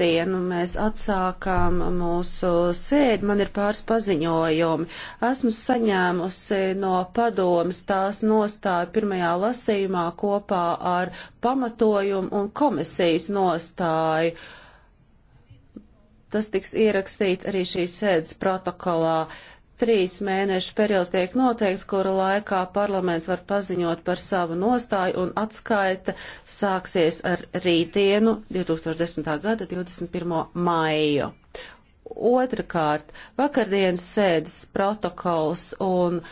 Pirmdienu mēs atsākām mūsu sēdi, man ir pāris paziņojumi. Esmu saņēmusi no padomas tās nostāju pirmajā lasījumā kopā ar pamatojumu un komisijas nostāju. Tas tiks ierakstīts arī šīs sēdes protokolā. Uh, trīs mēnešu periods tiek noteikts, kura laikā parlaments var paziņot par savu nostāju un atskaita sāksies ar rītdienu 2010. gada 21. maiju. Otrakārt, vakardienas sēdes protokols un